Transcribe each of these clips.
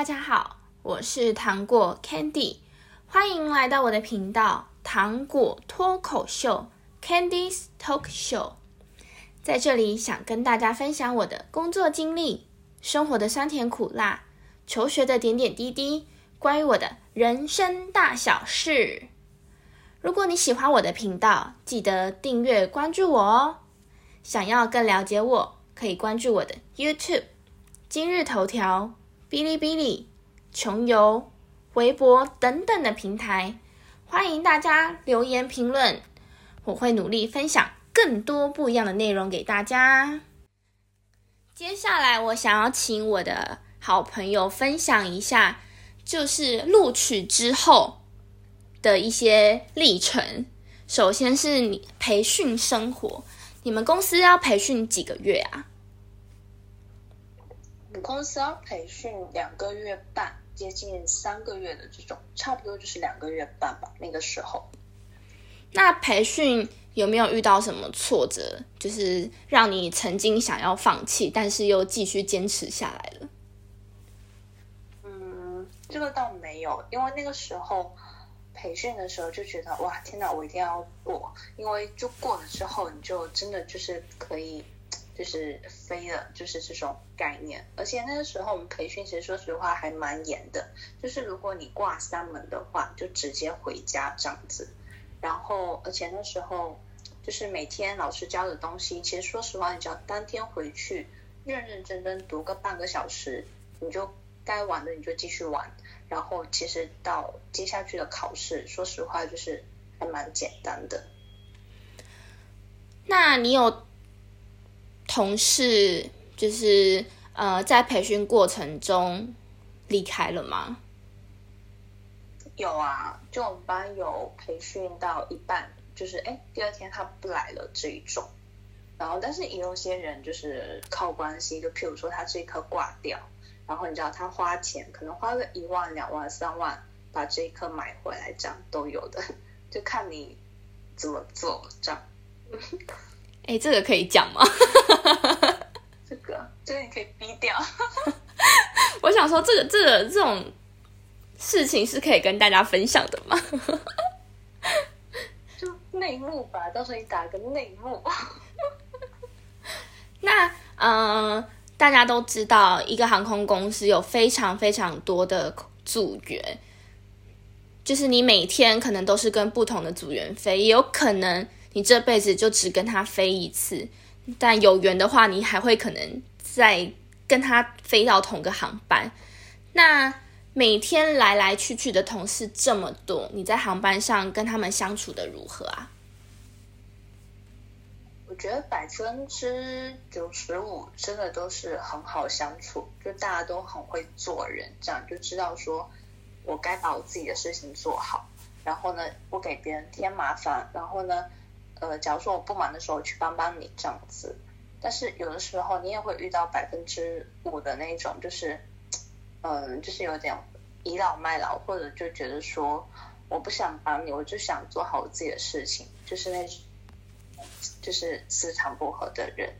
大家好，我是糖果 Candy，歡迎來到我的頻道糖果脫口秀 Candy's Talk Show。在這裡，想跟大家分享我的工作經歷、生活的酸甜苦辣、求學的點點滴滴，關於我的人生大小事。如果你喜歡我的頻道，記得訂閱關注我哦。想要更了解我，可以關注我的 YouTube、今日頭條。嗶哩嗶哩、窮遊、微博等等的平臺，歡迎大家留言評論，我會努力分享更多不一樣的內容給大家。接下來，我想要請我的好朋友分享一下，就是錄取之後的一些歷程。首先是你培訓生活，你們公司要培訓幾個月啊？公司要培訓兩個月半，接近三個月的這種，差不多就是兩個月半吧，那個時候。那培訓有沒有遇到什麼挫折，就是讓你曾經想要放棄，但是又繼續堅持下來了？嗯，這個倒沒有，因為那個時候培訓的時候就覺得，哇，天哪，我一定要過，因為就過了之後，你就真的就是可以。就是飛了，就是這種概念。而且那個時候我們培訓，其實說實話還蠻嚴的。就是如果你掛三門的話，就直接回家這樣子。然後，而且那時候就是每天老師教的東西，其實說實話，你只要當天回去認認真真讀個半個小時，你就該玩的你就繼續玩。然後，其實到接下去的考試，說實話就是還蠻簡單的。那你有？同事就是呃，在培訓過程中離開了嗎？有啊，就我們班有培訓到一半，就是誒，第二天他不來了這一種。然後，但是也有些人就是靠關係，就譬如說他這一科掛掉，然後你知道他花錢，可能花個一萬、兩萬、三萬把這一科買回來，這樣都有的，就看你怎麼做這樣。 哎、欸，這個可以講嗎？ 這個，這個你可以逼掉。 我想說，這個，這個，這種事情是可以跟大家分享的嗎？ 就內幕吧，到時候你打個內幕。 那，嗯、呃，大家都知道，一個航空公司有非常非常多的組員，就是你每天可能都是跟不同的組員飛，也有可能。你這輩子就只跟他飛一次，但有緣的話，你還會可能再跟他飛到同個航班。那每天來來去去的同事這麼多，你在航班上跟他們相處得如何啊？我覺得百分之九十五真的都是很好相處，就大家都很會做人，這樣就知道說我該把我自己的事情做好，然後呢，不給別人添麻煩，然後呢。呃，假如說我不忙的時候，去幫幫你這樣子，但是有的時候你也會遇到百分之五的那種，就是，嗯、呃，就是有點倚老賣老，或者就覺得說我不想幫你，我就想做好我自己的事情，就是那，就是磁場不合的人。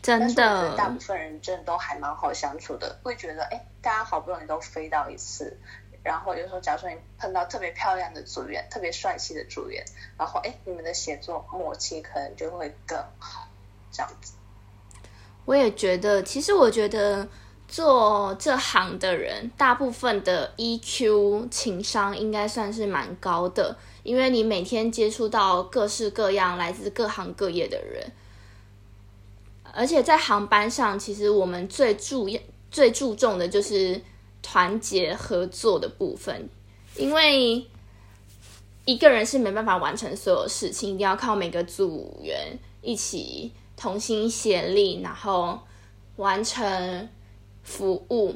真的，大部分人真的都還蠻好相處的，會覺得哎，大家好不容易都飛到一次。然後有時候，假如說你碰到特別漂亮的組員、特別帥氣的組員，然後哎，你們的協作默契可能就會更好，這樣子。我也覺得，其實我覺得做這行的人，大部分的 EQ 情商應該算是蠻高的，因為你每天接觸到各式各樣、來自各行各業的人。而且在航班上，其實我們最注最注重的就是團結合作的部分，因為一個人是沒辦法完成所有事情，一定要靠每個組員一起同心協力，然後完成服務，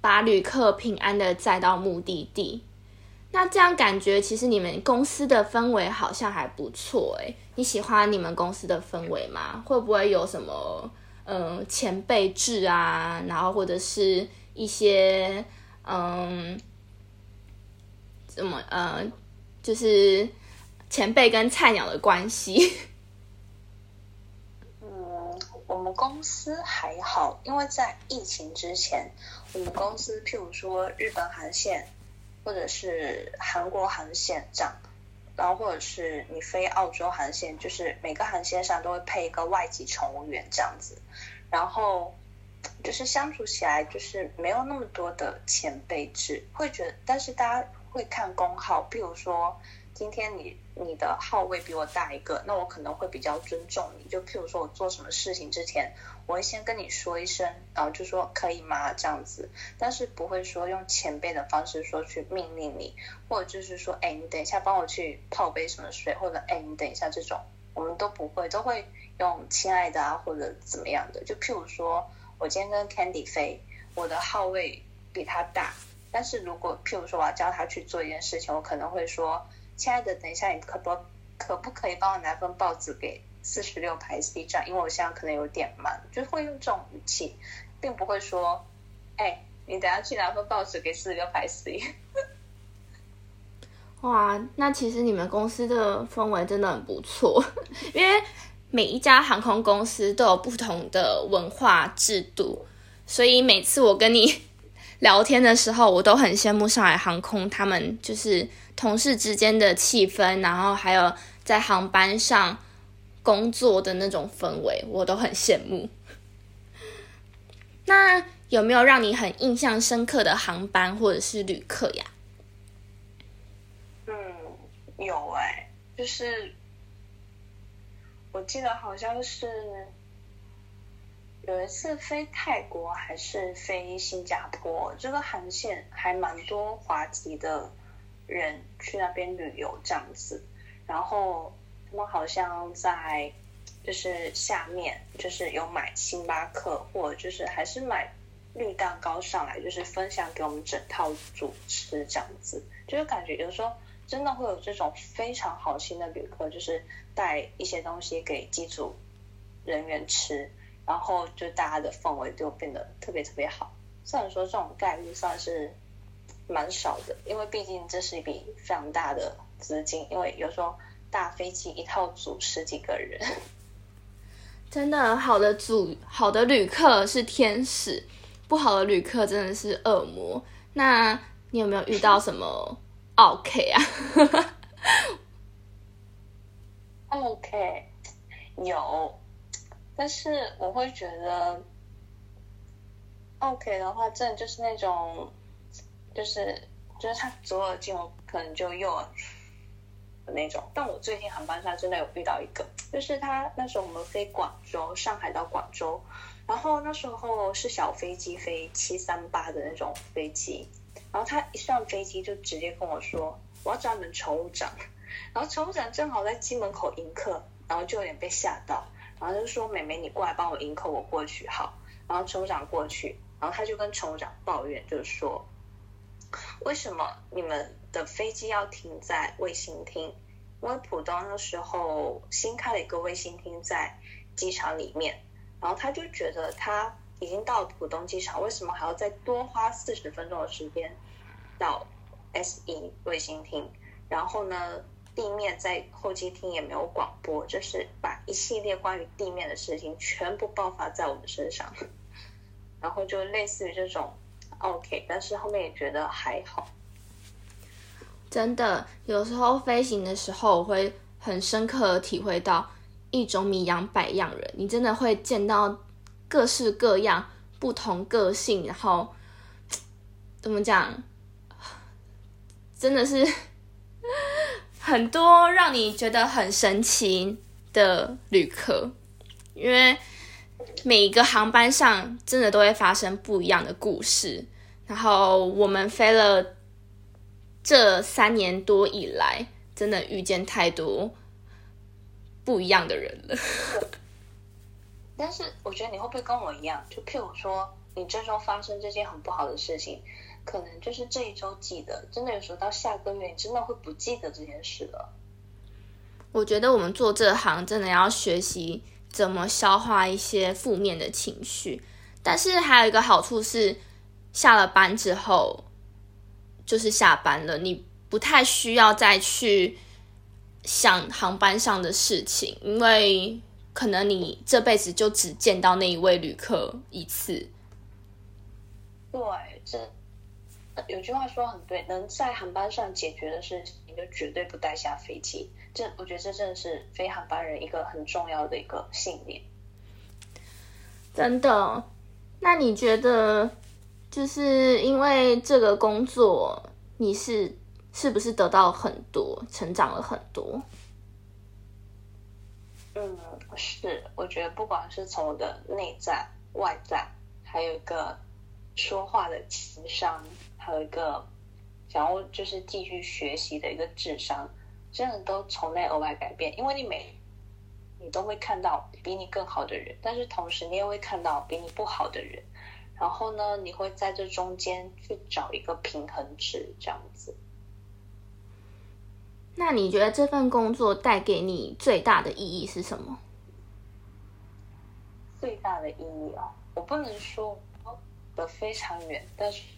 把旅客平安的載到目的地。那這樣感覺，其實你們公司的氛圍好像還不錯哎、欸。你喜歡你們公司的氛圍嗎？會不會有什麼嗯、呃，前輩制啊？然後或者是？一些嗯，怎麼呃，嗯，就是前輩跟菜鳥的關係。嗯，我們公司還好，因為在疫情之前，我們公司譬如說日本航線或者是韓國航線這樣，然後或者是你飛澳洲航線，就是每個航線上都會配一個外籍乘務員這樣子，然後。就是相處起來，就是沒有那麼多的前輩制，會覺得，但是大家會看工號，譬如說今天你你的號位比我大一個，那我可能會比較尊重你，就譬如說我做什麼事情之前，我會先跟你說一聲，然後就說可以嗎？這樣子，但是不會說用前輩的方式說去命令你，或者就是說哎、欸，你等一下幫我去泡杯什麼水，或者哎、欸，你等一下這種，我們都不會，都會用親愛的啊或者怎麼樣的，就譬如說。我今天跟 Candy 飛，我的號位比他大，但是如果譬如說我要叫他去做一件事情，我可能會說：“親愛的，等一下，你可不可不可以幫我拿份報紙給四十六排 C 站？因為我現在可能有點忙。”就會用這種語氣，並不會說：“哎、欸，你等一下去拿份報紙給四十六排 C。”哇，那其實你們公司的氛圍真的很不錯，因為。每一家航空公司都有不同的文化制度，所以每次我跟你聊天的時候，我都很羨慕上海航空，他們就是同事之間的氣氛，然後還有在航班上工作的那種氛圍，我都很羨慕。那有沒有讓你很印象深刻的航班或者是旅客呀？嗯，有欸，就是。我記得好像是有一次飛泰國還是飛新加坡，這個航線還蠻多華籍的人去那邊旅遊這樣子。然後他們好像在就是下面就是有買星巴克，或者就是還是買綠蛋糕上來，就是分享給我們整套組吃這樣子，就是感覺就是說。真的會有這種非常好心的旅客，就是帶一些東西給機組人員吃，然後就大家的氛圍就變得特別特別好。雖然說這種概率算是蠻少的，因為畢竟這是一筆非常大的資金，因為有時候大飛機一套組十幾個人。 真的，好的組，好的旅客是天使，不好的旅客真的是惡魔。那你有沒有遇到什麼？ OK 啊，哈哈 OK 有，但是我會覺得 OK 的話，真的就是那種，就是就是他左耳進，我可能就右耳出的那種。但我最近航班上真的有遇到一個，就是他那時候我們飛廣州、上海到廣州，然後那時候是小飛機，飛七三八的那種飛機。然後他一上飛機就直接跟我說，我要找你們乘務長。然後乘務長正好在機門口迎客，然後就有點被嚇到。然後就說：“妹妹，你過來幫我迎客，我過去好。”然後乘務長過去，然後他就跟乘務長抱怨，就是說：“為什麼你們的飛機要停在衛星廳？因為浦東那時候新開了一個衛星廳在機場裡面。然後他就覺得他已經到浦東機場，為什麼還要再多花四十分鐘的時間？” S 到 SE 衛星廳，然後呢，地面在候機廳也沒有廣播，就是把一系列關於地面的事情全部爆發在我們身上，然後就類似於這種 OK，但是後面也覺得還好。真的，有時候飛行的時候，我會很深刻的體會到一種“米養百樣人”，你真的會見到各式各樣、不同個性，然後怎麼講？真的是很多讓你覺得很神奇的旅客，因為每一個航班上真的都會發生不一樣的故事。然後我們飛了這三年多以來，真的遇見太多不一樣的人了。但是我覺得你會不會跟我一樣？就譬如說，你最終發生這些很不好的事情。可能就是這一周記得，真的有時候到下個月，你真的會不記得這件事了。我覺得我們做這行真的要學習怎麼消化一些負面的情緒，但是還有一個好處是，下了班之後就是下班了，你不太需要再去想航班上的事情，因為可能你這輩子就只見到那一位旅客一次。對，真的。有句話說很對，能在航班上解決的事情,你就絕對不帶下飛機。這，我覺得這真的是飛航班人一個很重要的一個信念。真的？那你覺得，就是因為這個工作，你是是不是得到很多，成長了很多？嗯，是。我覺得，不管是從我的內在、外在，還有一個說話的情商。還有一個，想要就是繼續學習的一個智商，真的都從內而外改變。因為你每你都會看到比你更好的人，但是同時你也會看到比你不好的人。然後呢，你會在這中間去找一個平衡值，這樣子。那你覺得這份工作帶給你最大的意義是什麼？最大的意義啊，我不能說的、哦、非常遠，但是。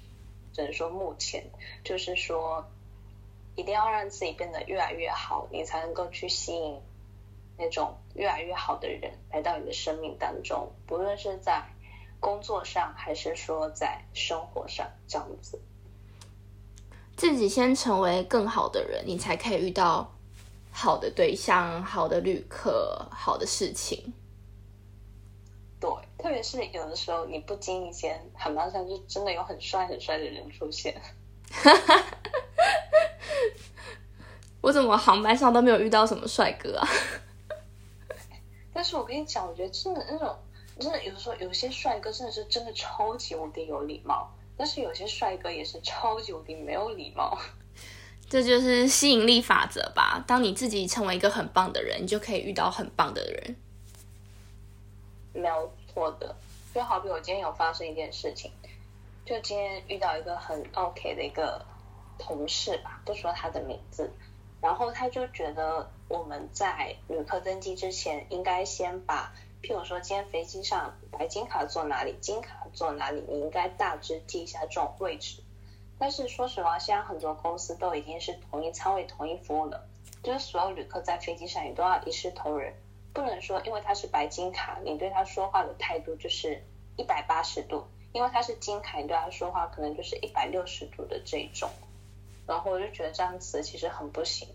只能說目前就是說，一定要讓自己變得越來越好，你才能夠去吸引那種越來越好的人來到你的生命當中。不論是在工作上，還是說在生活上，這樣子。自己先成為更好的人，你才可以遇到好的對象、好的旅客、好的事情。特別是有的時候，你不經意間航班上就真的有很帥很帥的人出現。哈哈哈，我怎麼航班上都沒有遇到什麼帥哥啊？ 但是我跟你講，我覺得真的那種，真的有的時候有些帥哥真的是真的超級無敵有禮貌，但是有些帥哥也是超級無敵沒有禮貌。這就是吸引力法則吧？當你自己成為一個很棒的人，你就可以遇到很棒的人。沒有。獲得，就好比我今天有發生一件事情，就今天遇到一個很 OK 的一個同事吧，不說他的名字，然後他就覺得我們在旅客登機之前，應該先把，譬如說今天飛機上白金卡坐哪裡，金卡坐哪裡，你應該大致記一下這種位置。但是說實話，現在很多公司都已經是同一艙位、同一服務了，就是所有旅客在飛機上也都要一視同仁。不能說，因為他是白金卡，你對他說話的態度就是一百八十度；因為他是金卡，你對他說話可能就是一百六十度的這一種。然後我就覺得這樣子其實很不行，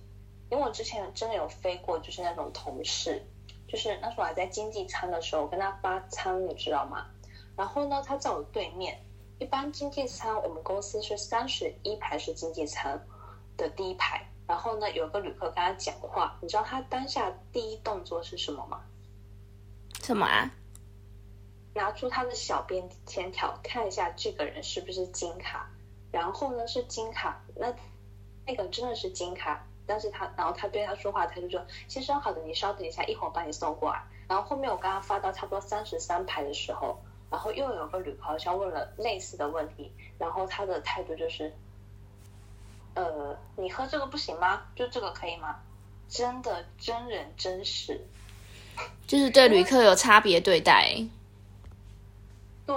因為我之前真的有飛過，就是那種同事，就是那時候我還在經濟艙的時候，我跟他發餐，你知道嗎？然後呢，他在我對面。一般經濟艙，我們公司是三十一排是經濟艙的第一排。然後呢，有個旅客跟他講話，你知道他當下第一動作是什麼嗎？什麼啊？拿出他的小便簽條，看一下這個人是不是金卡。然後呢，是金卡，那那個真的是金卡。但是他，然後他對他說話，他就說：“先生，好的，你稍等一下，一會兒幫你送過來，啊。”然後後面我剛剛發到差不多三十三排的時候，然後又有個旅客好像問了類似的問題，然後他的態度就是。呃，你喝這個不行嗎？就這個可以嗎？真的真人真事，就是對旅客有差別對待。嗯、對，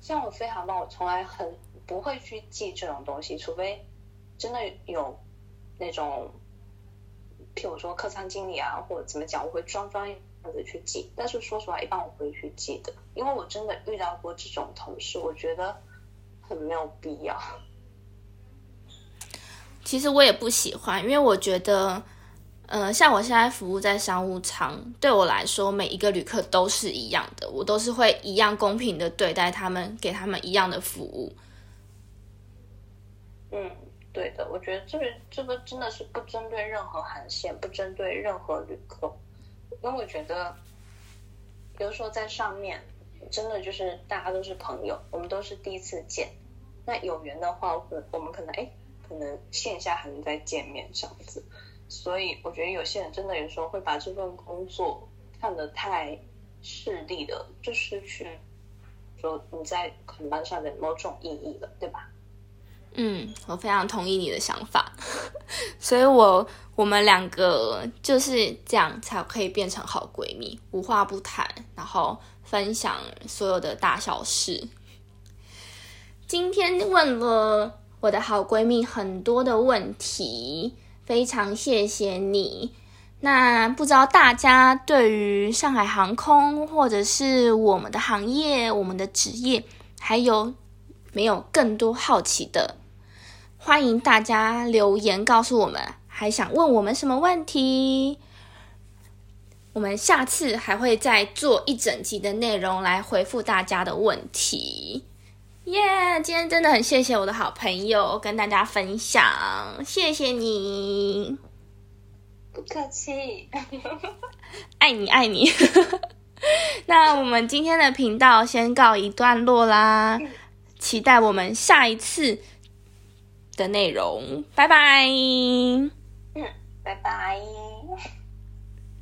像我飛航班，我從來很不會去記這種東西，除非真的有那種譬如說客艙經理啊，或者怎麼講，我會裝裝一樣子去記。但是說實話，一般我不會去記的，因為我真的遇到過這種同事，我覺得很沒有必要。其實我也不喜歡，因為我覺得，嗯、呃，像我現在服務在商務艙，對我來說，每一個旅客都是一樣的，我都是會一樣公平的對待他們，給他們一樣的服務。嗯，對的，我覺得這個這個真的是不針對任何航線，不針對任何旅客，因為我覺得，比如說在上面，真的就是大家都是朋友，我們都是第一次見，那有緣的話，我們我們可能哎，誒可能線下還能再見面這樣子，所以我覺得有些人真的有時候會把這份工作看得太勢利的，就失、是、去說你在上班上的某種意義了，對吧？嗯，我非常同意你的想法， 所以我我們兩個就是這樣才可以變成好閨蜜，無話不談，然後分享所有的大小事。今天問了。我的好閨蜜很多的問題，非常謝謝你。那不知道大家對於上海航空，或者是我們的行業、我們的職業，還有沒有更多好奇的？歡迎大家留言告訴我們，還想問我們什麼問題？我們下次還會再做一整集的內容來回復大家的問題。耶！Yeah, 今天真的很謝謝我的好朋友跟大家分享，謝謝你。不客氣， 愛你愛你。 那我們今天的頻道先告一段落啦，嗯、期待我們下一次的內容，拜拜。嗯，拜拜。